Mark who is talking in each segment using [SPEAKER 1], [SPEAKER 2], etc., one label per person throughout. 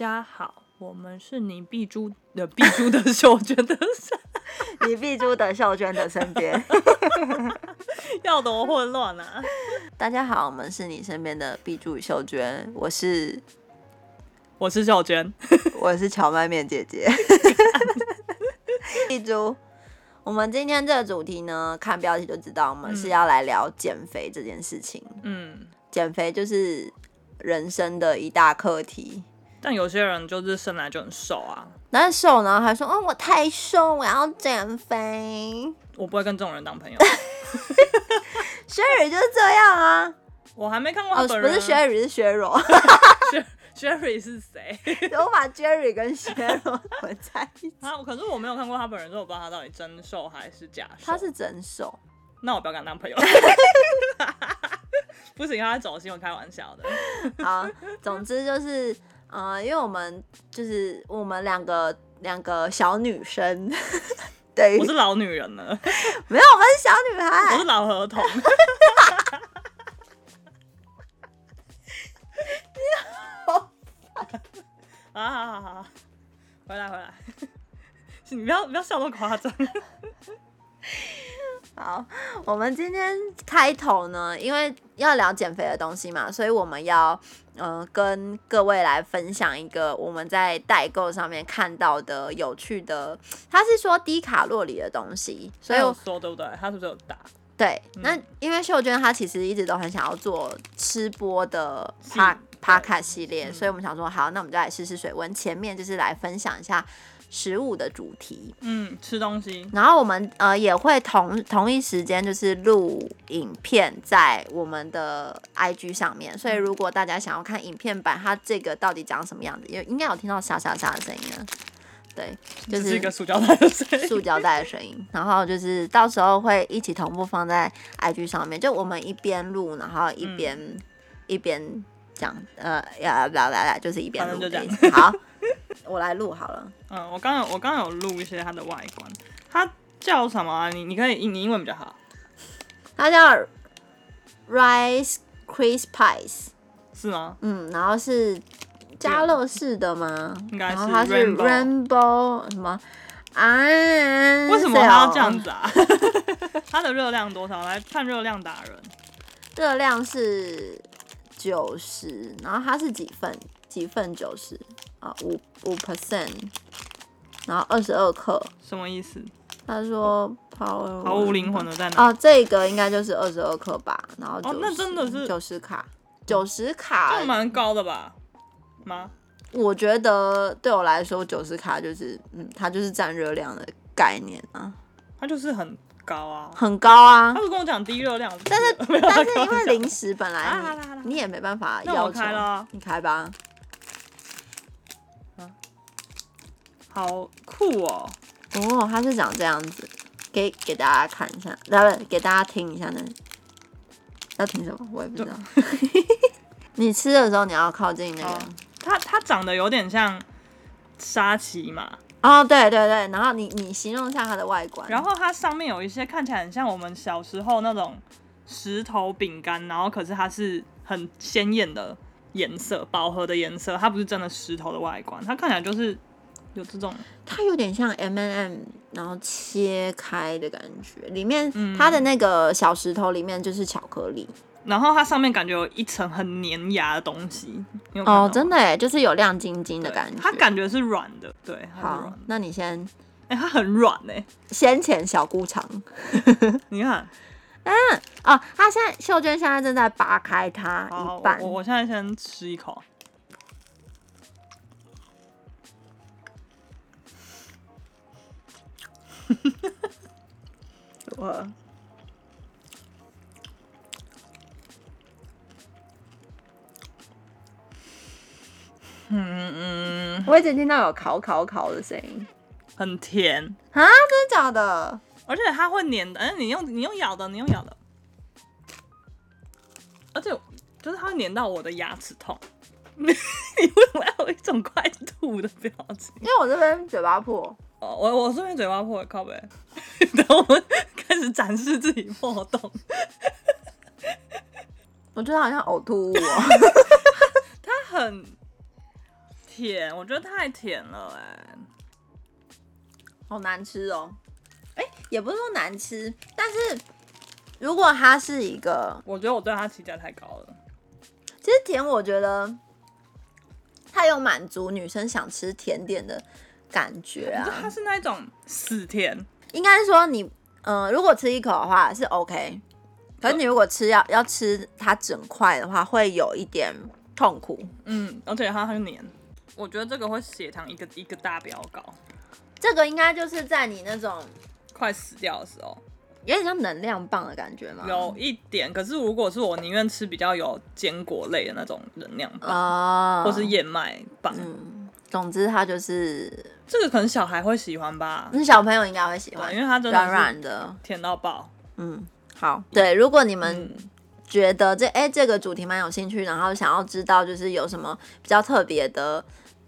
[SPEAKER 1] 大家好，我們是你碧珠的碧珠的、的、 的秀娟的身，你
[SPEAKER 2] 碧珠的秀娟的身邊，要多混亂啊！大家好，我們是你身邊的碧珠秀娟，我是，我是秀娟， 我是蕎麥麵姐姐。碧 珠， 我們今天這個主題呢，看標題就知道，我們是要來聊減肥這件事情。嗯，減肥就是人生的一大課題。
[SPEAKER 1] 但有些人就是生來就很瘦啊，
[SPEAKER 2] 難瘦呢，還說哦，我太瘦，我要減肥。我不會跟這種人當朋友。Jerry 就是這樣
[SPEAKER 1] 啊，我還沒看過他本人。哦，不是 Jerry，是雪柔。哈 ，Jerry 是誰？
[SPEAKER 2] 我把 Jerry 跟雪柔
[SPEAKER 1] 混在一起。啊，可是我沒有看過他本人，所以我不知道他到底真瘦還是假瘦。他
[SPEAKER 2] 是真瘦，
[SPEAKER 1] 那我不要跟他當朋友。 不行，他走心，我開玩笑的。
[SPEAKER 2] 好，總之就是。啊、呃，因為我們就是我們兩個兩個小女生，對，我是老
[SPEAKER 1] 女人了，
[SPEAKER 2] 沒有，我是小女孩，我是老兒童。 你好怕，好，好好，回來回來，你不要不要笑那麼誇張。 好，我們今天開頭呢，因為要聊減肥的東西嘛，所以我們要、呃、跟各位來分享一個我們在代購上面看到的有趣的，他是說低卡路里的東西，所以我
[SPEAKER 1] 說對不對？他是不是有打？
[SPEAKER 2] 對，嗯、那因為秀娟她其實一直都很想要做吃播的帕是帕卡系列，對所以我們想說好，那我們就來試試水溫，前面就是來分享一下。食物的主題，
[SPEAKER 1] 嗯，吃東西。然
[SPEAKER 2] 後我們呃也會同同一時間就是錄影片在我們的 IG 上面，所以如果大家想要看影片版，它這個到底長什麼樣子，也應該有聽到沙沙沙的聲音。對，就是，是一個塑膠袋的聲音。塑膠袋的聲音。 然後就是到時候會一起同步放在 IG 上面，就我們一邊錄，然後一邊、嗯、一邊講，呃，呀，不要來來，就是一邊錄。就這樣好。我來錄好了。嗯，
[SPEAKER 1] 我剛剛我剛有錄一些它的外觀。它叫什麼啊？你，你可以，你英文比較好。
[SPEAKER 2] 它叫 Rice Krispies 是嗎？嗯，然後是家樂氏的嗎？應該是。然後它是 Rainbow 什麼？啊？為什麼它要這樣子
[SPEAKER 1] 啊？ 它的熱量多少？來，看熱量達人。
[SPEAKER 2] 熱量是九十，然後它是幾份？幾份九十？啊五五 percent，然後二十二克，什麼意思？他說毫無靈魂的在哪啊，這個應該就是二十二克吧，然後就那真的是九十卡，九十卡，這蠻高的吧？嗎？我覺得對我來說九十卡就是，嗯，它就是佔熱量的概念啊，它就是很高啊，很高啊。他不是跟我講低熱量，但是但是因為零食本來你也沒辦法要求，你開吧。好酷哦！哦，它是長這樣子，給給大家看一下，來，給大家聽一下呢。要聽什麼？我也不知道。對 你吃的時候你要靠近那個。哦、
[SPEAKER 1] 它它長得有點像沙琪瑪。
[SPEAKER 2] 哦，對對對。然後你你形容一下它的外觀。
[SPEAKER 1] 然後它上面有一些看起來很像我們小時候那種石頭餅乾，然後可是它是很鮮豔的顏色，飽和的顏色。它不是真的石頭的外觀，它看起來就是。
[SPEAKER 2] 有這種，它有點像 M&M，然後切開的感覺，裡面它的那個小石頭裡面就是巧克力，嗯、然後
[SPEAKER 1] 它上面感覺有一層很粘牙的東西。哦，真
[SPEAKER 2] 的哎，就是有亮晶晶的感覺，它
[SPEAKER 1] 感覺是軟的，對，好，
[SPEAKER 2] 那你先，哎、欸，它很軟哎，先前小姑腸， 你看，嗯，哦，它現在秀娟現在正在扒開它一半，好好，我，我現在先吃一口。 何我哈嗯嗯，我以前聽到有烤烤烤的聲音，很甜啊！真的假的？
[SPEAKER 1] 而且它會粘的，而、欸、你用你用咬的，你用咬的，而且就是它會粘到我的牙齒痛。 你為什麼要有一
[SPEAKER 2] 種快吐的表情？因為我這邊嘴巴破。
[SPEAKER 1] 我我順便嘴巴破靠北，等我們開始展示自己破洞。
[SPEAKER 2] 我覺得好像嘔吐啊。他
[SPEAKER 1] 很甜，我覺得太甜了哎、欸，
[SPEAKER 2] 好難吃哦、喔欸。也不是說難吃，但是如果它是一個，我覺得我對它期待太高了。其實甜，我覺得它有滿足女生想吃甜點的。感覺啊，它是那一種，死甜，應該是說你，呃，如果吃一口的話是 OK，可是你如果吃要要吃它整塊的話，會有一點痛苦，嗯，
[SPEAKER 1] 而且它很黏，我覺得這個會血糖一個一個大飆高。
[SPEAKER 2] 這個應該就是在你那種快死掉的時候，有點像能量棒的感覺嗎？有
[SPEAKER 1] 一點，可是如果是我寧願吃比較有堅果類的那種能量
[SPEAKER 2] 棒啊，或是
[SPEAKER 1] 燕麥棒，
[SPEAKER 2] 總之它就是。這個可能小孩會喜歡吧，那、嗯、小朋友應該會喜歡，因為它軟軟的，甜到爆。嗯，好。也對，如果你們覺得這哎這個主題蠻有興趣，然後想要知道就是有什麼比較特別的、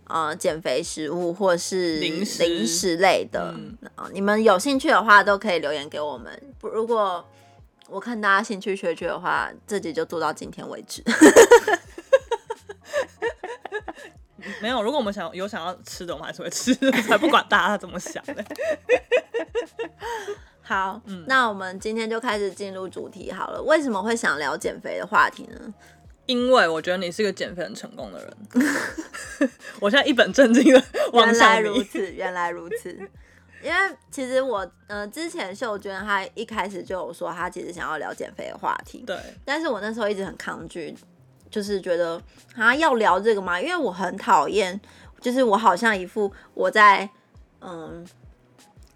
[SPEAKER 2] 呃、減肥食物或是零食，零食類的，嗯、你們有興趣的話都可以留言給我們。如果我看大家興趣缺缺的話，自己就做到今天為止。
[SPEAKER 1] 沒有，如果我們想有想要吃的，我們還是會吃，才 不管大家怎麼想嘞。
[SPEAKER 2] 好，嗯，那我們今天就開始進入主題好了。為什麼會想聊減肥的話題呢？
[SPEAKER 1] 因為我覺得你是個減肥很成功的人。 我現在一本正經的。 往原來如此，原來如此。
[SPEAKER 2] 因為其實我，呃，之前秀娟她一開始就有說，她其實想要聊減肥的話題。對。但是我那時候一直很抗拒。就是覺得他、啊、要聊這個嗎？因為我很討厭，就是我好像一副我在嗯，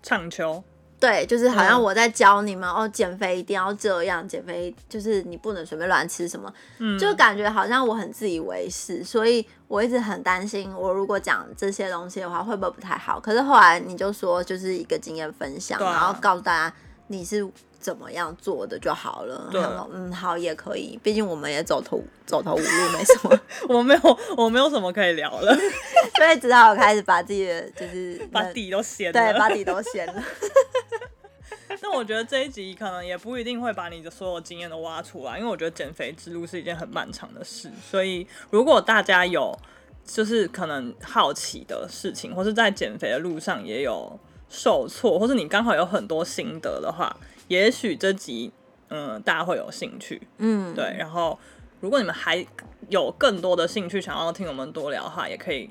[SPEAKER 2] 唱球，對，就是好像我在教你們、嗯、哦，減肥一定要這樣，減肥就是你不能隨便亂吃什麼，嗯、就感覺好像我很自以為是，所以我一直很擔心，我如果講這些東西的話，會不會不太好？可是後來你就說，就是一個經驗分享，啊、然後告訴大家你是。怎麼樣做的就好了。對，嗯，好也可以。畢竟我們也走投走投無路，沒什麼。 我沒有，我沒有什麼可以聊了， 所以只好開始把自己的就是把底都掀了，對，把底都掀
[SPEAKER 1] 了。 那我覺得這一集可能也不一定會把你的所有經驗都挖出來，因為我覺得減肥之路是一件很漫長的事。所以，如果大家有就是可能好奇的事情，或是在減肥的路上也有受挫，或是你剛好有很多心得的話，也許這集，嗯，大家會有興趣，嗯，對。然後，如果你們還有更多的興趣想要聽我們多聊的話，也可以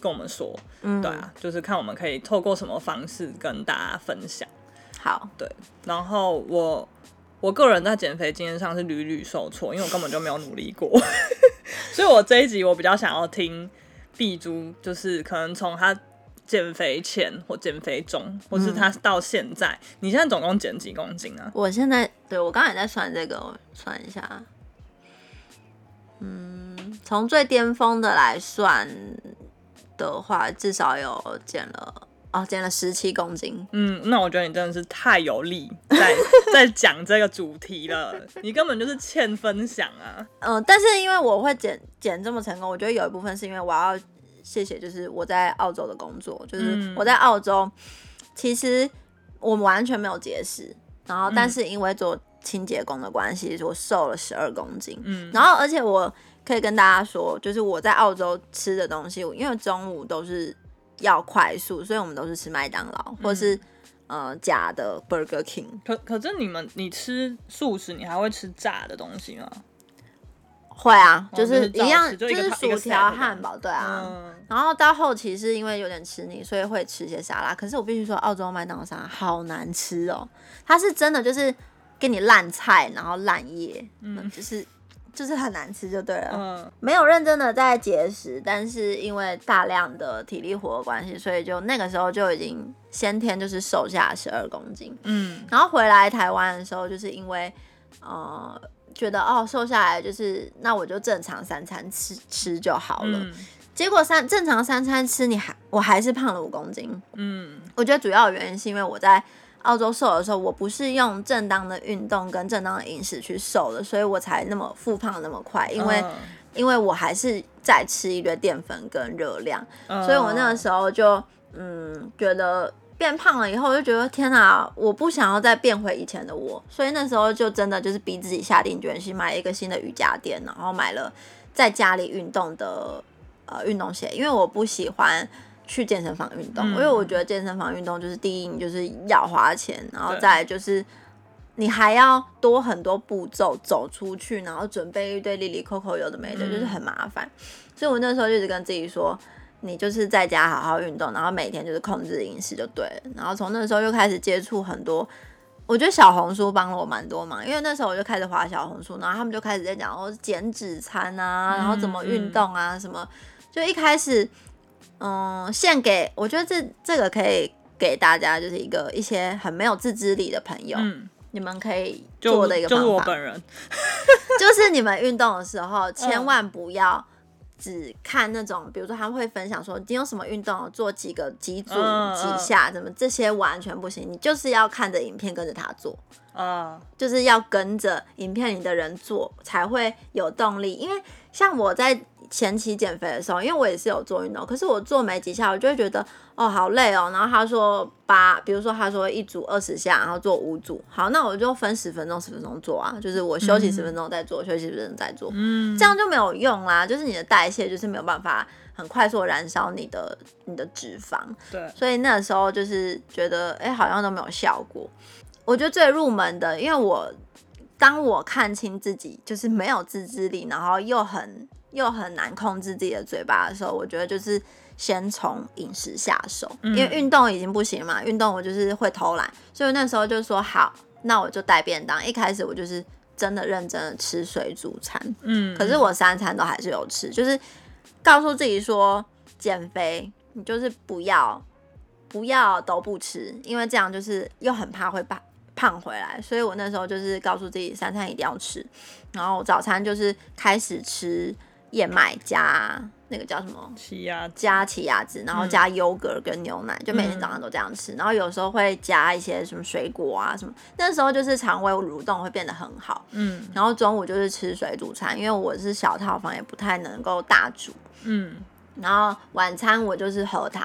[SPEAKER 1] 跟我們說，嗯、對啊，就是看我們可以透過什麼方式跟大家分享。好，對。然後我，我個人在減肥經驗上是屢屢受挫，因為我根本就沒有努力過， 所以我這一集我比較想要聽碧珠，就是可能從他。減肥前或減肥中，或是他到現在，嗯、
[SPEAKER 2] 你現在總共減幾公斤啊？我現在對，我剛才也在算這個，我算一下，嗯，從最巔峰的來算的話，至少有減了哦，減了十七公斤。
[SPEAKER 1] 嗯，那我覺得你真的是太有力在在講這個主題了， 你根本就是欠分享
[SPEAKER 2] 啊。嗯、呃，但是因為我會減減這麼成功，我覺得有一部分是因為我要。謝謝，就是我在澳洲的工作，就是我在澳洲，嗯、其實我們完全沒有節食，然後但是因為做清潔工的關係，嗯、我瘦了十二公斤，嗯，然後而且我可以跟大家說，就是我在澳洲吃的東西，因為中午都是要快速，所以我們都是吃麥當勞或是、嗯、呃假的 Burger King。可可是你們，你吃素食，你還會吃炸的東西嗎？會啊，就是一樣，就是薯條、漢堡，對啊。嗯然後到後期是因為有點吃膩，所以會吃些沙拉。可是我必須說，澳洲麥當勞沙拉好難吃哦、喔，它是真的就是給你爛菜，然後爛葉，嗯，就是就是很難吃就對了。嗯，沒有認真的在節食，但是因為大量的體力活的關係，所以就那個時候就已經先天就是瘦下十二公斤。嗯，然後回來台灣的時候，就是因為呃覺得哦瘦下來就是那我就正常三餐吃吃就好了。嗯結果三正常三餐吃你還我還是胖了五公斤，嗯，我覺得主要原因是因為我在澳洲瘦的時候，我不是用正當的運動跟正當的飲食去瘦的，所以我才那麼復胖那麼快，因為、嗯、因為我還是在吃一堆澱粉跟熱量，嗯、所以我那個時候就嗯覺得變胖了以後我就覺得天哪，我不想要再變回以前的我，所以那時候就真的就是逼自己下定決心買一個新的瑜伽墊，然後買了在家裡運動的。呃，運動鞋，因為我不喜歡去健身房運動，嗯、因為我覺得健身房運動就是第一，你就是要花錢，然後再就是對你還要多很多步驟走出去，然後準備一堆哩哩扣扣有的沒的，嗯、就是很麻煩。所以我那時候就一直跟自己說，你就是在家好好運動，然後每天就是控制飲食就對了。然後從那時候又開始接觸很多，我覺得小紅書幫了我蠻多忙，因為那時候我就開始滑小紅書，然後他們就開始在講哦，減脂餐啊，然後怎麼運動啊，嗯、什麼。就一開始，嗯，獻給我覺得這這個可以給大家就是一個一些很沒有自制力的朋友，嗯、你們可以做的一個方法，就是你們運動的時候千萬不要只看那種，嗯、比如說他們會分享說你有什麼運動做幾個幾組、嗯、幾下，怎麼這些完全不行，你就是要看着影片跟着他做、嗯、就是要跟着影片裡的人做才會有動力，因為。像我在前期減肥的時候，因為我也是有做運動，可是我做沒幾下，我就會覺得哦好累哦。然後他說八，比如說他說一組二十下，然後做五組，好，那我就分十分鐘十分鐘做啊，就是我休息十分鐘再做，嗯、休息十分鐘再做，嗯，這樣就沒有用啦，就是你的代謝就是沒有辦法很快速的燃燒你的你的脂肪，對，所以那時候就是覺得哎好像都沒有效果。我覺得最入門的，因為我。當我看清自己就是沒有自制力，然後又很又很難控制自己的嘴巴的時候，我覺得就是先從飲食下手，因為運動已經不行嘛，運動我就是會偷懶，所以那時候就說好，那我就帶便當。一開始我就是真的認真的吃水煮餐，嗯，可是我三餐都還是有吃，就是告訴自己說，減肥，你就是不要不要都不吃，因為這樣就是又很怕會把。胖回來，所以我那時候就是告訴自己三餐一定要吃，然後早餐就是開始吃燕麥加那個叫什麼奇亞加奇亞籽，然後加優格跟牛奶，嗯、就每天早上都這樣吃。然後有時候會加一些什麼水果啊什麼，那時候就是腸胃蠕動會變得很好。嗯。然後中午就是吃水煮餐，因為我是小套房，也不太能夠大煮。嗯。然後晚餐我就是喝湯。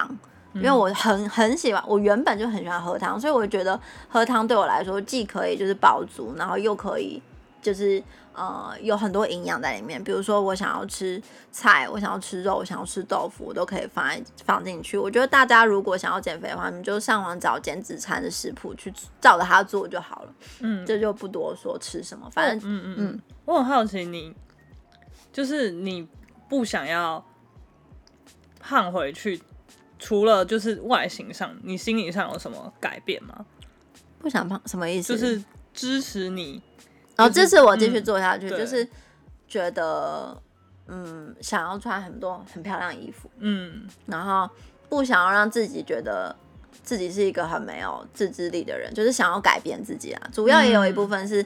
[SPEAKER 2] 因為我很很喜歡，我原本就很喜歡喝湯，所以我覺得喝湯對我來說既可以就是飽足，然後又可以就是呃有很多營養在裡面。比如說我想要吃菜，我想要吃肉，我想要吃豆腐，我都可以放放進去。我覺得大家如果想要減肥的話，你就上網找減脂餐的食譜去照着它做就好了。嗯，這就不多說吃什麼，反正嗯嗯、哦、嗯，嗯嗯我很好奇你，
[SPEAKER 1] 就是你不想要胖回去，除了就是外形上，你心理上有什麼改變嗎？
[SPEAKER 2] 不想胖什麼意思？就是支持你，然後、哦、支持我繼續做下去。嗯、就是覺得嗯，想要穿很多很漂亮衣服，嗯，然後不想要讓自己覺得自己是一個很沒有自制力的人，就是想要改變自己啊。主要也有一部分是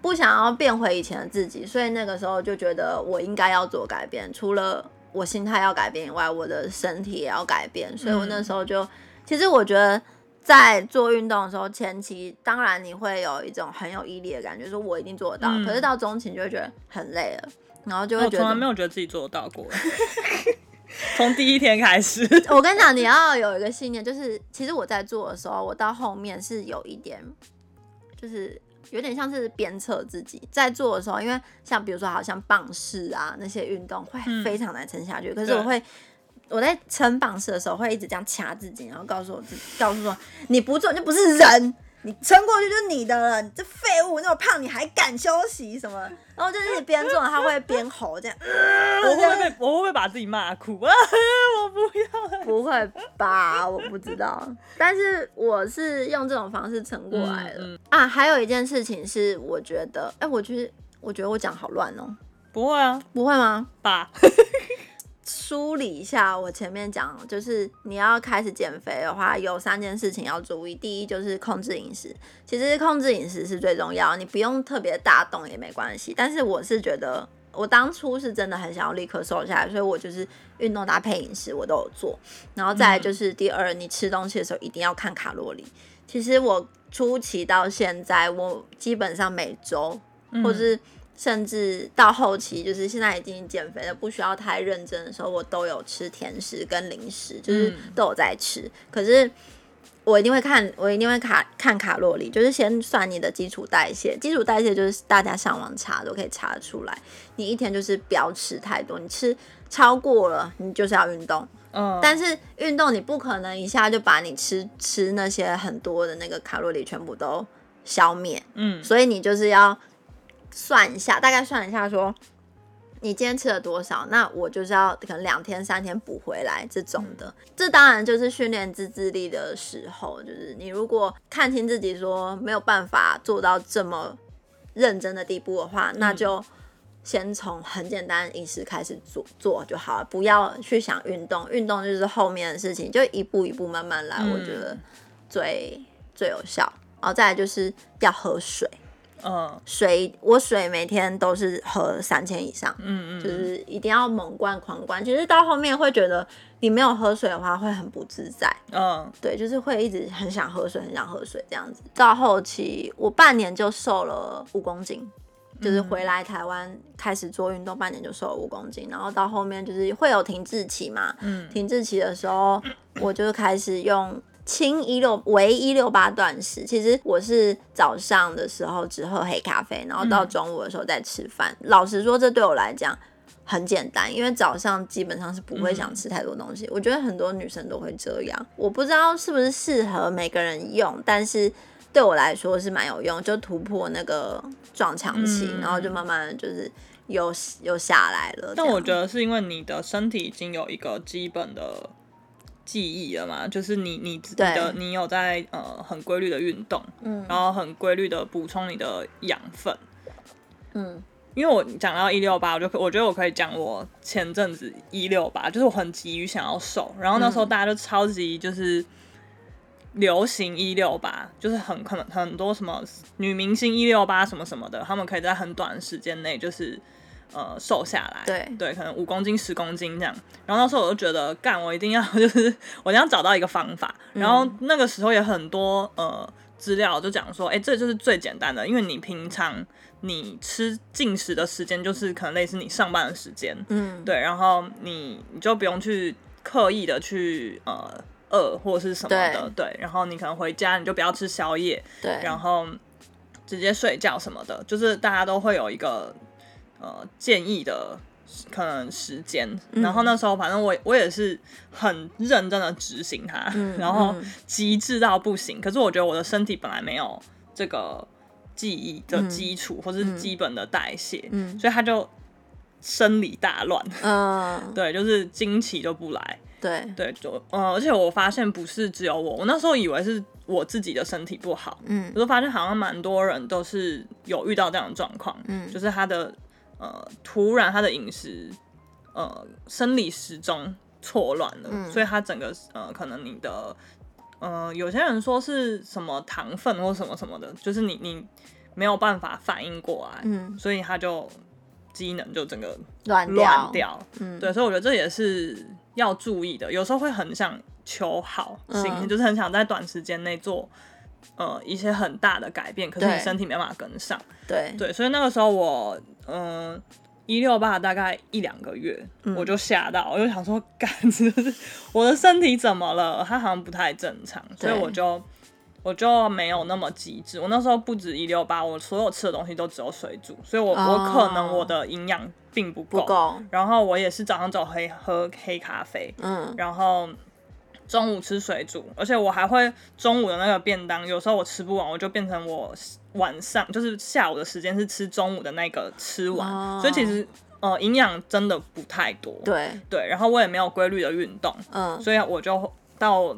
[SPEAKER 2] 不想要變回以前的自己，所以那個時候就覺得我應該要做改變，除了我心態要改變以外，我的身體也要改變，所以我那時候就，嗯、其實我覺得在做運動的時候，前期當然你會有一種很有毅力的感覺，說我一定做得到，嗯、可是到中期就會覺得很累了，然後
[SPEAKER 1] 就會覺得我從來沒有覺得自己做得到過，從 第一天開始，我跟你講，你要
[SPEAKER 2] 有一個信念，就是其實我在做的時候，我到後面是有一點就是。有點像是鞭策自己在做的時候，因為像比如說好像棒式啊那些運動會非常難撐下去，嗯、可是我會對我在撐棒式的時候會一直這樣掐自己，然後告訴我自，告訴說，你不做就不是人。嗯你撐過去就是你的了，你這廢物那麼胖你還敢休息什麼？然後就是邊做他會邊吼這樣，我會不會被樣我會不會把自己罵、啊、哭、啊？我不要、啊，不會吧？我不知道，但是我是用這種方式撐過來的、嗯、啊。還有一件事情是我覺得，哎、欸，我覺得我覺得我講好亂哦、喔，不會啊，不會嗎？把。 梳理一下，我前面講，就是你要開始減肥的話，有三件事情要注意。第一就是控制飲食，其實控制飲食是最重要，你不用特別大動也沒關係。但是我是覺得，我當初是真的很想要立刻瘦下來，所以我就是運動搭配飲食，我都有做。然後再來就是第二，你吃東西的時候一定要看卡路里。其實我初期到現在，我基本上每周或是甚至到後期，就是現在已經減肥了，不需要太認真的時候，我都有吃甜食跟零食，就是都有在吃。嗯，可是我一定會看，我一定會卡看卡路里，就是先算你的基礎代謝。基礎代謝就是大家上網查都可以查出來，你一天就是不要吃太多，你吃超過了，你就是要運動。嗯，哦，但是運動你不可能一下就把你吃吃那些很多的那個卡路里全部都消滅。嗯，所以你就是要。算一下，大概算一下，說你今天吃了多少，那我就是要可能兩天三天補回來這種的。嗯、這當然就是訓練自制力的時候，就是你如果看清自己說沒有辦法做到這麼認真的地步的話，嗯、那就先從很簡單飲食開始做做就好了，不要去想運動，運動就是後面的事情，就一步一步慢慢來，嗯、我覺得最最有效。然後再來就是要喝水。嗯，uh, 水我水每天都是喝三千以上，嗯嗯，就是一定要猛灌狂灌。其實到後面會覺得你沒有喝水的話，會很不自在，嗯，uh, 對，就是會一直很想喝水，很想喝水這樣子。到後期我半年就瘦了五公斤，就是回來台灣開始做運動，半年就瘦了五公斤。然後到後面就是會有停滯期嘛，嗯，停滯期的時候我就開始用。輕一六唯一六八斷食，其實我是早上的時候只喝黑咖啡，然後到中午的時候再吃飯。嗯、老實說，這對我來講很簡單，因為早上基本上是不會想吃太多東西。嗯、我覺得很多女生都會這樣，我不知道是不是適合每個人用，但是對我來說是蠻有用，就突破那個撞牆期，嗯、然後就慢慢就是又又下來了。但我
[SPEAKER 1] 覺得是因為你的身體已經有一個基本的記憶了嘛？就是你，你自己的，對你有在呃很規律的運動，嗯，然後很規律的補充你的養分，嗯，因為我講到一六八，我就我覺得我可以講我前陣子一六八，就是我很急於想要瘦，然後那時候大家就超級就是流行一六八，就是很可能很，很多什麼女明星一六八什麼什麼的，她們可以在很短時間內就是。呃，瘦下來，對，對，可能五公斤、十公斤這樣。然後那時候我就覺得，幹，我一定要，就是我一定要找到一個方法。然後那個時候也很多呃資料就講說，哎，這就是最簡單的，因為你平常你吃進食的時間就是可能類似你上班的時間，嗯，對。然後你你就不用去刻意的去呃餓或者是什麼的，對，對。然後你可能回家你就不要吃宵夜，對。然後直接睡覺什麼的，就是大家都會有一個。呃，建議的可能時間，嗯、然後那時候反正我我也是很認真的執行它，嗯、然後極致到不行。嗯、可是我覺得我的身體本來沒有這個記憶的基礎，嗯、或是基本的代謝，嗯、所以它就生理大亂。嗯、 對，就是經期就不來。對、嗯、對，就呃，而且我發現不是只有我，我那時候以為是我自己的身體不好，嗯、我就發現好像蠻多人都是有遇到這樣的狀況，嗯，就是他的。呃，突然他的飲食，呃，生理時鐘錯亂了，嗯，所以他整個呃，可能你的呃，有些人說是什麼糖分或什麼什麼的，就是你你沒有辦法反應過來，嗯，所以他就機能就整個亂掉，亂掉，對，所以我覺得這也是要注意的，有時候會很想求好心，嗯，就是很想在短時間內做。呃，一些很大的改變，可是你身體沒辦法跟上。對對，所以那個時候我，嗯、呃，一六八大概一兩個月，嗯、我就嚇到，我就想說，幹，感覺我的身體怎麼了？它好像不太正常，所以我就對我就沒有那麼極致。我那時候不止一六八，我所有吃的東西都只有水煮，所以我、oh, 我可能我的營養並不夠。不夠然後我也是早上走黑喝黑咖啡。嗯、然後。中午吃水煮，而且我還會中午的那個便當，有時候我吃不完，我就變成我晚上就是下午的時間是吃中午的那個吃完，oh. 所以其實呃營養真的不太多，對對，然後我也沒有規律的運動，嗯，所以我就到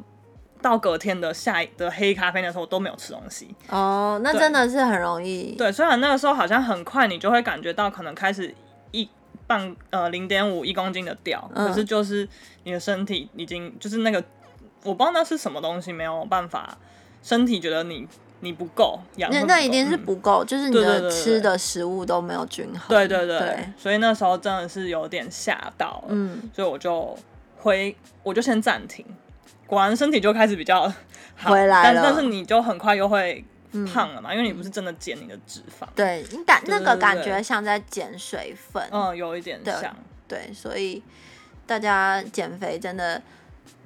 [SPEAKER 1] 到隔天的下的黑咖啡的時候我都沒有吃東西，
[SPEAKER 2] 哦，oh, 那真的是很容易對，
[SPEAKER 1] 對，雖然那個時候好像很快你就會感覺到可能開始一半呃零點五一公斤的掉，嗯，可是就是你的身體已經就是那個。我不知道那是什麼東西，沒有辦法，身體覺得你你不夠
[SPEAKER 2] 養不夠，那那一定是不夠，嗯、就是你的吃的食物都沒有均衡。對，對對對，對，
[SPEAKER 1] 所以那時候真的是有點嚇到了，嗯，所以我就回，我就先暫停。果然身體就開始比較回來了，但是，但是你就很快又會胖了嘛，嗯、因為你不是真的減你的脂肪，
[SPEAKER 2] 對，你感對對對對那個感覺像在減水分，嗯，有一點像對，對，所以大家減肥真的，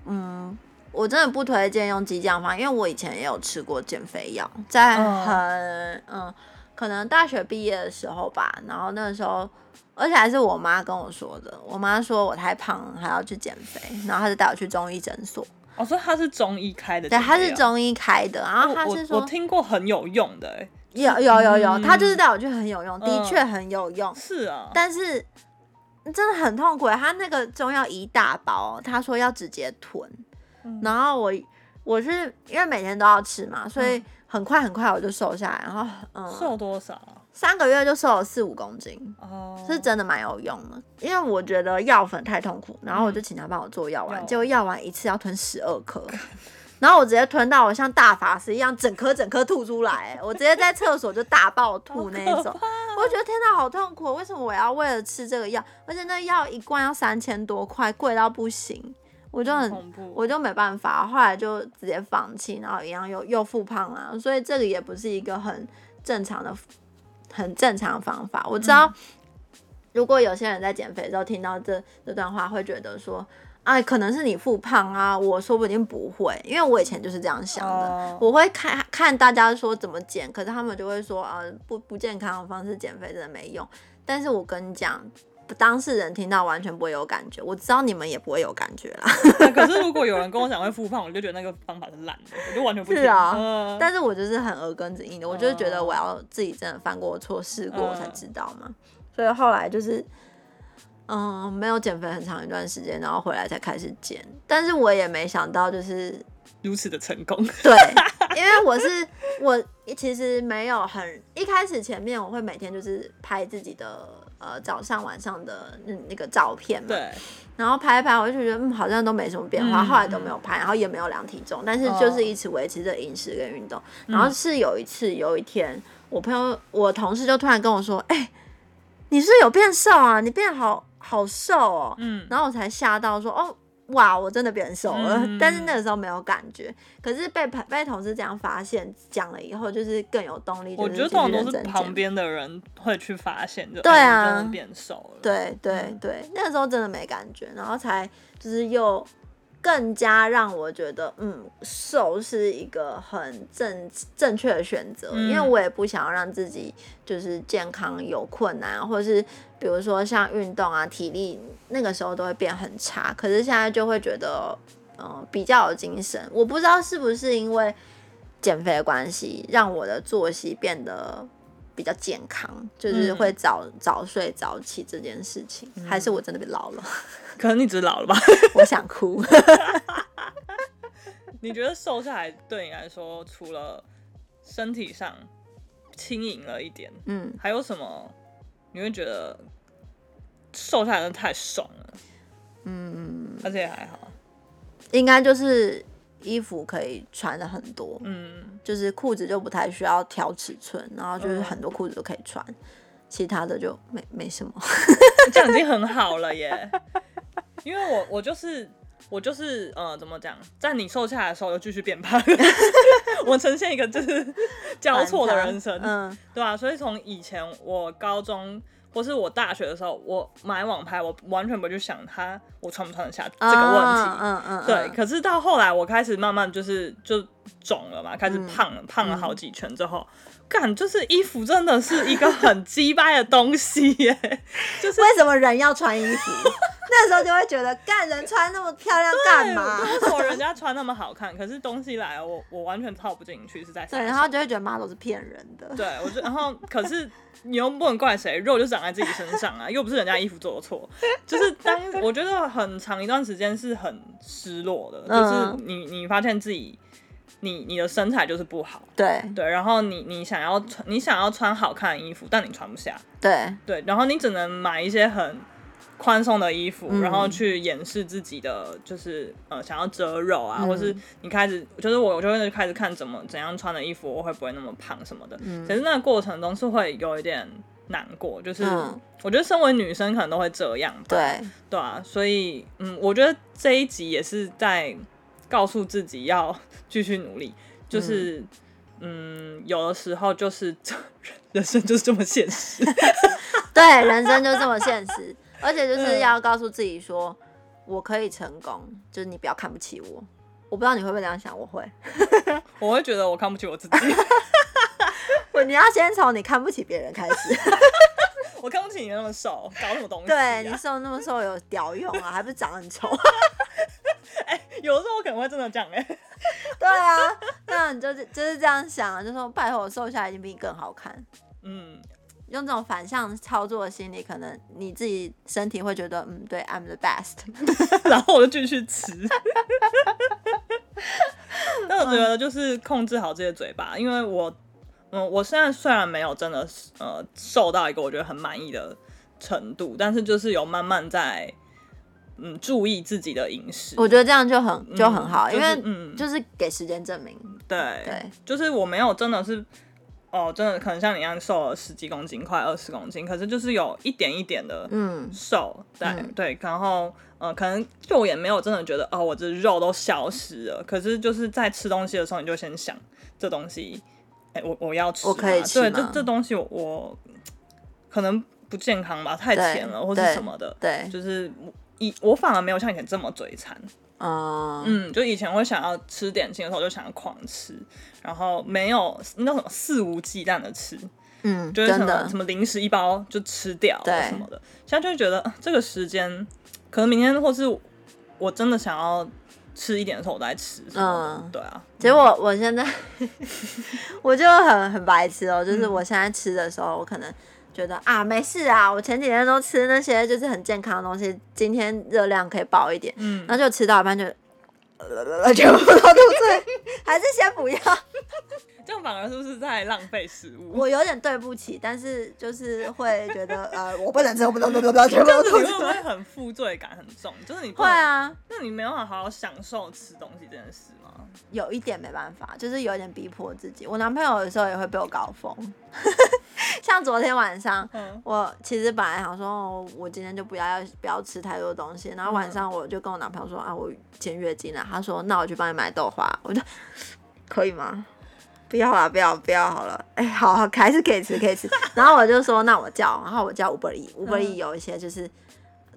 [SPEAKER 2] 嗯。我真的不推薦用激將法，因為我以前也有吃過減肥藥，在很嗯，嗯，可能大學畢業的時候吧，然後那個時候，而且還是我媽跟我說的。我媽說我太胖了，還要去減肥，然後她就帶我去中醫診所。
[SPEAKER 1] 我說她是中醫開的，對，她是中
[SPEAKER 2] 醫開的。然後她是說，我，我，我
[SPEAKER 1] 聽過很有用的、欸有，有有有有，嗯、她就是帶我去，
[SPEAKER 2] 很有用，的確很有用。是啊，嗯，但是真的很痛苦。她那個中藥一大包，她說要直接吞。然後我我是因為每天都要吃嘛，所以很快很快我就瘦下來。然後嗯，瘦多少？三個月就瘦了四五公斤，哦，oh. 是真的蠻有用的。因為我覺得藥粉太痛苦，然後我就請他幫我做藥丸，oh. 結果藥丸一次要吞十二顆，oh. 然後我直接吞到我像大法師一樣，整顆整顆吐出來， 我直接在廁所就大爆吐那一種。我覺得天哪，好痛苦！為什麼我要為了吃這個藥？而且那藥一罐要三千多塊，貴到不行。我就很，很我就沒辦法，後來就直接放棄，然後一樣又又復胖了。啊，所以這個也不是一個很正常的，很正常的方法。我知道，嗯、如果有些人在減肥的時候聽到這這段話，會覺得說，哎，可能是你復胖啊，我說不定不會，因為我以前就是這樣想的。呃、我會看看大家說怎麼減，可是他們就會說，啊、呃，不不健康的方式減肥真的沒用。但是我跟你講。當事人聽到完全不會有感覺，我知道你們也不會有感覺啦。 啊、可是如
[SPEAKER 1] 果有人跟我講會復胖，我就覺得那個方法是爛的，我就完全不聽。是啊，呃、
[SPEAKER 2] 但是我就是很耳根子硬的，呃、我就是覺得我要自己真的犯過錯、試、呃、過，我才知道嘛。所以後來就是，嗯、呃，沒有減肥很長一段時間，然後回來才開始減。但是我也沒想到就是如此的成功。對，因為我是我其實沒有很一開始前面我會每天就是拍自己的。呃，早上晚上的那那個照片嘛，對，然後拍一拍，我就覺得嗯，好像都沒什麼變化，嗯、後來都沒有拍，然後也沒有量體重，但是就是一直維持着飲食跟運動。哦、然後是有一次，有一天，我朋友、我同事就突然跟我說：“哎、嗯欸，你是不是有變瘦啊？你變好好瘦哦。嗯”然後我才嚇到說：“哦。”哇，我真的變瘦了，嗯、但是那個時候沒有感覺。可是被被同事這樣發現，講了以後就是更有動力。就是、我覺得這種東西旁邊
[SPEAKER 1] 的人會去發現就，對啊，欸、變瘦了。
[SPEAKER 2] 對對對、嗯、對，那個時候真的沒感覺，然後才就是又。更加讓我覺得，嗯，瘦是一個很正正確的選擇，嗯，因為我也不想要讓自己就是健康有困難，或是比如說像運動啊、體力那個時候都會變很差。可是現在就會覺得，嗯、呃，比較有精神。我不知道是不是因為減肥關係，讓我的作息變得。比較健康，就是會早、嗯、早睡早起這件事情，嗯、還是我真的變老了？可能你只是老了吧， 我想哭。
[SPEAKER 1] 你覺得瘦下來對你來說，除了身體上輕盈了一點，嗯，還有什麼？你會覺得瘦下來真的太爽了？
[SPEAKER 2] 嗯，而且還好，應該就是。衣服可以穿的很多，嗯，就是褲子就不太需要挑尺寸，然後就是很多褲子都可以穿，嗯、其他的就沒沒什麼，
[SPEAKER 1] 這樣已經很好了耶， 因為我我就是我就是呃怎麼講，在你瘦下來的時候又繼續變胖， 我呈現一個就是交錯的人生，嗯，對啊，所以從以前我高中。或是我大學的時候，我買網拍，我完全不去想它，我穿不穿得下這個問題。Uh, uh, uh, uh, uh. 對，可是到後來我開始慢慢就是就腫了嘛，開始胖了，嗯、胖了好幾圈之後。嗯嗯幹，就是衣服真的是一個很雞掰的東西耶， 就是
[SPEAKER 2] 為什麼人要穿衣服？ 那時候就會覺得幹，人穿那麼漂亮幹嘛？為什麼人
[SPEAKER 1] 家穿那麼好看？可是東西來了，我我完全套不進去，是在。對，然後
[SPEAKER 2] 就會覺得麻豆都是騙人的。對，我就然
[SPEAKER 1] 後可是你又不能怪誰，肉就長在自己身上啊，又不是人家衣服做的錯。 就是當我覺得很長一段時間是很失落的，嗯、就是你你發現自己。你你的身材就是不好，對對，然後你你想要穿你想要穿好看的衣服，但你穿不下，對對，然後你只能買一些很寬鬆的衣服，嗯、然後去掩飾自己的，就是呃想要遮肉啊，嗯、或是你開始就是我就會開始看怎麼怎樣穿的衣服我會不會那麼胖什麼的，可是，嗯、那個過程中是會有一點難過，就是，嗯、我覺得身為女生可能都會這樣吧，對對啊，所以嗯，我覺得這一集也是在。告訴自己要繼續努力，就是，嗯，嗯，有的時候就是
[SPEAKER 2] 人生就是這麼現實， 對，人生就這麼現實， 而且就是要告訴自己說、嗯、我可以成功，就是你不要看不起我，我不知道你會不會這樣想，我會，
[SPEAKER 1] 我會覺得我看不起我自己，
[SPEAKER 2] 你要先從你看不起別人開始，
[SPEAKER 1] 我看不起你那麼瘦，搞什
[SPEAKER 2] 麼東西、啊？對你瘦那麼瘦有屌用啊？還不是長很醜。 哎、欸，有的時候我可能會真的講哎、欸，對啊，那你就是就是這樣想啊，就說，拜托我瘦下來一定比你更好看，
[SPEAKER 1] 嗯，
[SPEAKER 2] 用這種反向操作的心理，可能你自己身體會覺得嗯，對，I'm the best，
[SPEAKER 1] 然後我就繼續吃。那 我覺得就是控制好自己的嘴巴，因為我，嗯、呃，我現在雖然沒有真的呃瘦到一個我覺得很滿意的程度，但是就是有慢慢在。嗯，注意自己的飲食，我覺得這樣
[SPEAKER 2] 就很就很好，因為嗯，就是，、嗯、就是給時間證明。
[SPEAKER 1] 對對，對就是我沒有真的是，哦，真的可能像你一樣瘦了十幾公斤，快二十公斤，可是就是有一點一點的嗯瘦，嗯對、嗯、對，然後呃，可能就也沒有真的覺得哦、呃，我這肉都消失了，可是就是在吃東西的時候，你就先想這東西，哎、欸，我我要吃，我可以吃，對這這東西我，我可能不健康吧，太甜了對或者什麼的，對，就是。以我反而沒有像以前這麼嘴饞啊，嗯，嗯，就以前我想要吃點心的時候，我就想要狂吃，然後沒有那種肆無忌憚的吃，
[SPEAKER 2] 嗯，就是什麼的什麼
[SPEAKER 1] 零食一包就吃掉，對什麼的。對現在就會覺得這個時間，可能明天或是我，我真的想要吃一點的時候，我再吃，嗯，對啊。其
[SPEAKER 2] 實我、嗯、我現在 我就很很白痴哦、喔，就是我現在吃的時候，我可能。覺得啊，沒事啊，我前幾天都吃那些就是很健康的東西，今天熱量可以爆一點，嗯，然後就吃到一半就，呃，就拉肚子，還是先不要。 就反而，是不是在浪費食物？我有點對不起，但是就是會覺得 呃，我不能吃，我不能，不能，不能，吃我就會
[SPEAKER 1] 很負罪感很重，就是你
[SPEAKER 2] 會啊？那你沒有好好享受
[SPEAKER 1] 吃東西這件事嗎？
[SPEAKER 2] 有一點沒辦法，就是有一點逼迫自己。我男朋友有時候也會被我搞瘋， 像昨天晚上，嗯、我其實本來想說我，我今天就不要要不要吃太多東西，然後晚上我就跟我男朋友說，嗯、啊，我今天月經了，他說那我去幫你買豆花，我就可以嗎？不要啦、啊，不要、啊、不要、啊，好了，哎、欸，好，好，還是可以吃，可以吃。 然後我就說，那我叫，然後我叫 Uber Eats，Uber Eats 有一些就是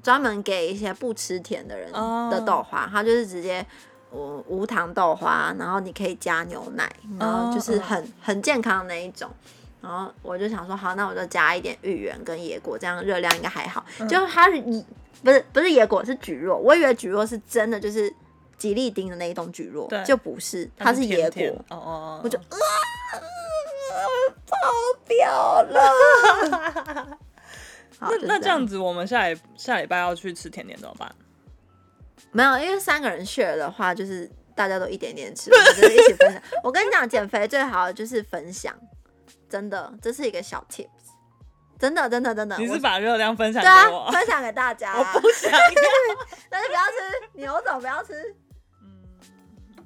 [SPEAKER 2] 專門給一些不吃甜的人的豆花，它、嗯、就是直接無糖豆花，然後你可以加牛奶，然後就是很、嗯、很健康的那一種。然後我就想說，好，那我就加一點芋圓跟野果，這樣熱量應該還好。嗯、就它是一，不是，不是野果，是蒟蒻。我以為蒟蒻是真的就是。吉利丁的那一棟蒟蒻就不是，它是野果。哦哦，我就啊超標、啊、了。那那這樣子，我
[SPEAKER 1] 們下禮下禮拜要去吃甜點怎麼辦？
[SPEAKER 2] 沒有，因為三個人 share 的話，就是大家都一點點吃，我們就是一起分享。 我跟你講，減肥最好的就是分享，真的，這是一個小 tips，真的真的真的。真的真的真的你是把
[SPEAKER 1] 熱量分享給我,我對、啊，分
[SPEAKER 2] 享給大家。 但是不要吃牛總，不要吃。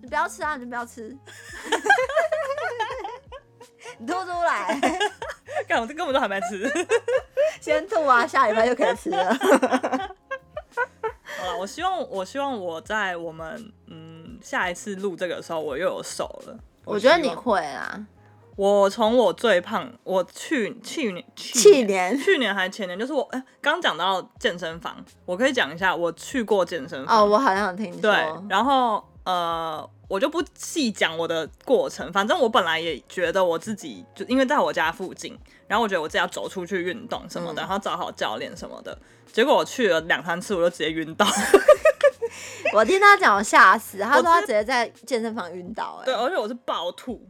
[SPEAKER 2] 不要吃啊！你就不要吃， 你吐出來。
[SPEAKER 1] 幹，我這根本都還沒吃，
[SPEAKER 2] 先吐啊！下禮拜就可以吃了。
[SPEAKER 1] 好了，我希望我希望我在我們嗯下一次錄這個的時候，我又有瘦了。我，我覺得你
[SPEAKER 2] 會啊！我從
[SPEAKER 1] 我最胖，我去年去年去年去年還是前年，就是我剛講、欸、到健身房，我可以講一下，我去過健身房。哦，我好像聽說。對，然後呃。我就不細講我的過程，反正我本來也覺得我自己就因為在我家附近，然後我覺得我自己要走出去運動什麼的，嗯、然後找好教練什麼的，結果我去了兩三次，我就直接暈倒。
[SPEAKER 2] 我聽他講，我嚇死，他說他直接在健身房暈倒。
[SPEAKER 1] 對，而且我是暴吐。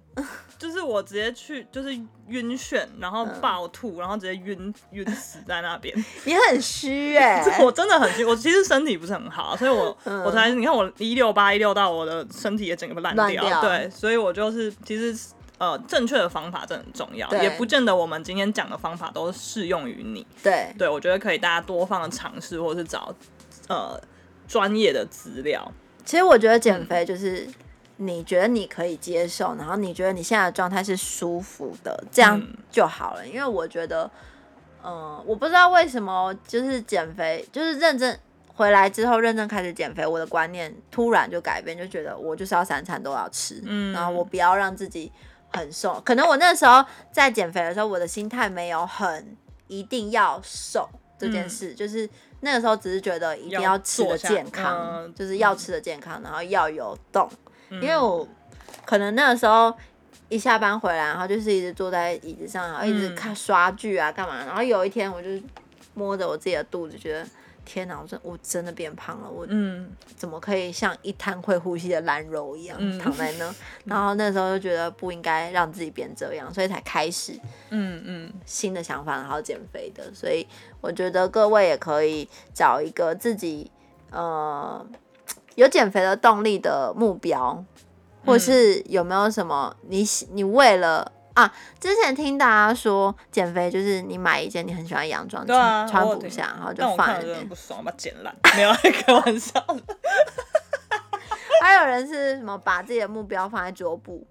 [SPEAKER 1] 就是我直接去，就是暈眩，然後爆吐，然後直接暈暈死在那邊。也很虛哎、欸， 我真的很，虛。我其實身體不是很好，所以我、嗯、我才，你看我一六八一六到，我的身體也整個爛掉了。亂掉了對，所以我就是其實呃，正確的方法真的很重要，對也不見得我們今天講的方法都適用於你。對，對我覺得可以大家多方的嘗試，或者是找呃專業的資料。
[SPEAKER 2] 其實我覺得減肥就是、嗯。你覺得你可以接受，然後你覺得你現在的狀態是舒服的，這樣就好了。嗯、因為我覺得，嗯、呃，我不知道為什麼，就是減肥，就是認真回來之後，認真開始減肥，我的觀念突然就改變，就覺得我就是要三餐都要吃，嗯、然後我不要讓自己很瘦。可能我那個時候在減肥的時候，我的心態沒有很一定要瘦、嗯、這件事，就是那個時候只是覺得一定要吃的健康，呃、就是要吃的健康，嗯、然後要有動。因為我可能那個時候一下班回來，然後就是一直坐在椅子上，然後一直看刷劇啊，幹嘛？嗯、然後有一天我就摸着我自己的肚子，覺得天哪，我說我真的變胖了，我怎麼可以像一灘會呼吸的爛肉一樣、嗯、躺在那？嗯、然後那時候就覺得不應該讓自己變這樣，所以才開始嗯
[SPEAKER 1] 嗯
[SPEAKER 2] 新的想法，然後減肥的。所以我覺得各位也可以找一個自己呃。有減肥的動力的目標，或是有沒有什麼你、嗯、你，你為了啊？之前聽大家說減肥就是你買一件你很喜歡的洋裝，啊、穿不下，然後就放在裡面，那我看
[SPEAKER 1] 着不爽，我把剪爛。 沒有開玩笑的。
[SPEAKER 2] 還有人是什麼把自己的目標放在桌布，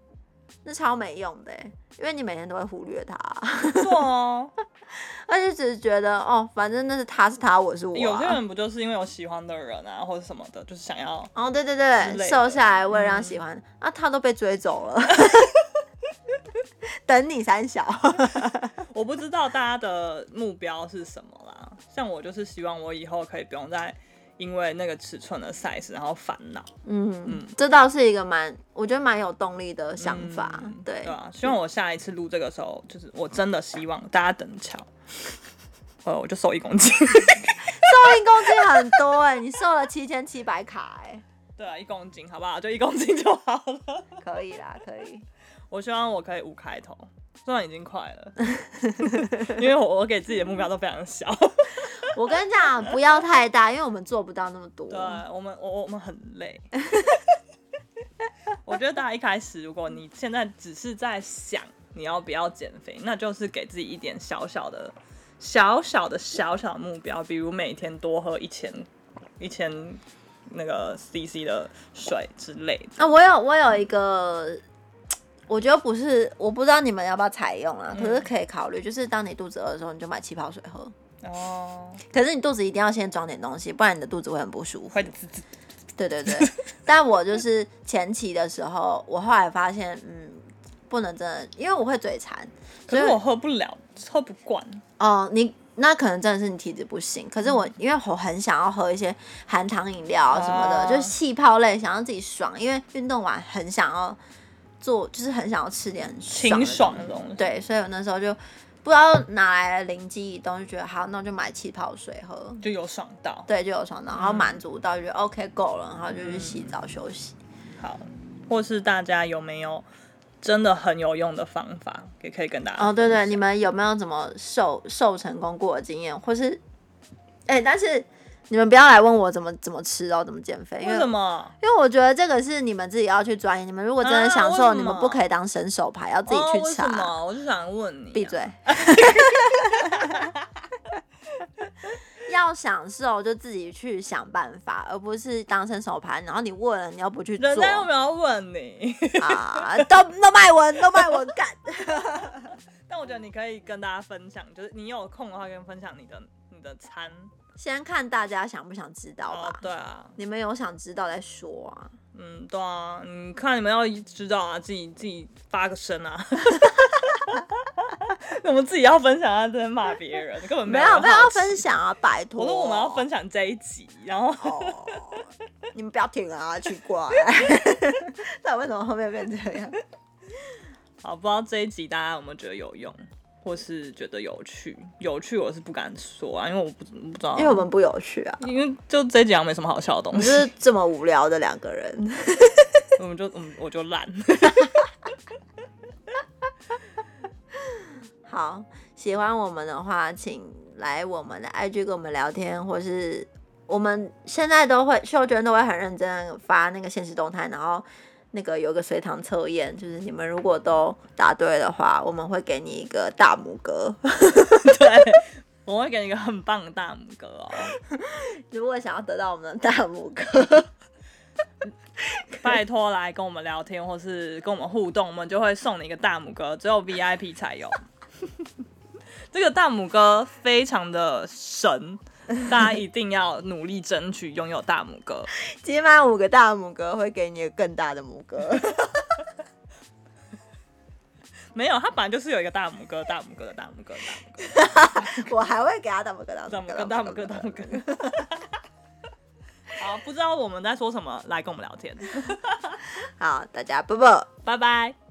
[SPEAKER 2] 是超沒用的，因為你每天都會忽略它。 做哦。而且只是覺得哦，反正那是他是他，我是我、啊。有些人不
[SPEAKER 1] 就是因為有喜歡的人啊，或者什麼的，就是想要哦，oh, 對對對，瘦下來為了讓喜歡、
[SPEAKER 2] 嗯、啊，他都被追走了。 等你三小，
[SPEAKER 1] 我不知道大家的目標是什麼啦。像我就是希望我以後可以不用再。因為那個尺寸的 size，然後煩惱。嗯，嗯
[SPEAKER 2] 這倒是一個蠻，我覺得蠻有動力的想法。嗯、對，對啊。希
[SPEAKER 1] 望我下一次錄這個時候，就是我真的希望、嗯、大家等瞧，呃、哦，我就瘦
[SPEAKER 2] 一公斤。瘦一公斤很多哎、欸， 你瘦了七千七百卡哎、欸。對啊，一公斤好不
[SPEAKER 1] 好？就一公斤就好
[SPEAKER 2] 了。可以啦，可以。
[SPEAKER 1] 我希望我可以五開頭。雖然已經快了， 因為我我給自己的目標都非常小。
[SPEAKER 2] 我跟你講，不要太大，因為我們做不到那麼多。對，我們我我們很累。
[SPEAKER 1] 我覺得大家一開始，如果你現在只是在想你要不要減肥，那就是給自己一點小小的、小小的、小小的目標，比如每天多喝一千一千那個 cc 的水之類
[SPEAKER 2] 的。啊，我有我有一個。我覺得不是，我不知道你們要不要採用啊，可是可以考慮，嗯、就是當你肚子餓的時候，你就買氣泡水喝。哦，可是你肚子一定要先裝點東西，不然你的肚子會很不舒服。會滋滋。對對對， 但我就是前期的時候，我後來發現，嗯，不能真的，因為我會嘴饞，所以可是我喝不了，喝不慣。哦、呃，你那可能真的是你體質不行，可是我因為我很想要喝一些含糖飲料啊什麼的，哦、就是氣泡類，想要自己爽，因為運動完很想要。做就是很想要吃點清爽的東西，的東西對，所以我那時候就不知道哪來的靈機一動，就覺得好，那我就買氣泡水喝，就有爽到，對，就有爽到，嗯、然後滿足到，就覺得 OK 夠了，然後就去洗澡，嗯、休息。好，或是大
[SPEAKER 1] 家有沒有真的很有用的方法，也可，可以跟
[SPEAKER 2] 大家哦，對，對對，你們有沒有怎麼瘦瘦成功過的經驗，或是哎，欸，但是。你們不要來問我怎麼怎麼吃哦，怎麼減肥？為、為什麼？因為我覺得這個是你們自己要去鑽研。你們如果真的想瘦，啊，你們不可以當伸手牌，要自己去查，哦。為什麼？我
[SPEAKER 1] 就想問你，啊，閉
[SPEAKER 2] 嘴。要想瘦就自己去想辦法，而不是當伸手牌。然後你問了，你又不去做？人家又沒有問你啊，都都賣文，都賣文幹。
[SPEAKER 1] 但我覺得你可以跟大家分享，就是你有空的話跟分享你的你的餐。
[SPEAKER 2] 先看大家想不想知道吧，哦、對啊，你們有想知道再說啊，嗯，
[SPEAKER 1] 對啊，你看你們要知道啊，自己自己發個聲啊，我 們自己要分享、啊，要在這罵別人，根本沒有，沒有，不要，要分享啊，拜託我說我們要分享這一集，然後、哦、 你們不要停啊，奇怪，
[SPEAKER 2] 那 為什麼後面變成這樣？
[SPEAKER 1] 好，不知道這一集大家有沒有覺得有用？或是覺得有趣，有趣我是不敢說啊，因為我不知道，因為我們不
[SPEAKER 2] 有趣啊，因為
[SPEAKER 1] 就這一集沒什麼好笑的東西，就是
[SPEAKER 2] 這麼無聊的兩個人，
[SPEAKER 1] 我們就我們我就爛。
[SPEAKER 2] 好，喜歡我們的話，請來我們的 IG 跟我們聊天，或是我們現在都會秀娟都會很認真發那個限時動態，然後那個有個隨堂測驗，就是你們如果都答對的話，我們會給你一個大拇哥。 對，我會給你一個很棒的大拇哥哦。 如果想要得到我們的大拇哥，
[SPEAKER 1] 拜託來跟我們聊天或是跟我們互動，我們就會送你一個大拇哥，只有 VIP 才有。 這個大拇哥非常的神。大家一定要努力爭取擁有大拇哥，
[SPEAKER 2] 起碼五個大拇哥會給你更大的拇哥。
[SPEAKER 1] 沒有，他本來就是有一個大拇哥，大拇哥的大拇哥，大拇哥。
[SPEAKER 2] 我還會給他大拇哥，大拇哥，大拇哥，大拇哥。
[SPEAKER 1] 好，不知道我們在說什麼，來跟我們聊天。好，大家拜拜。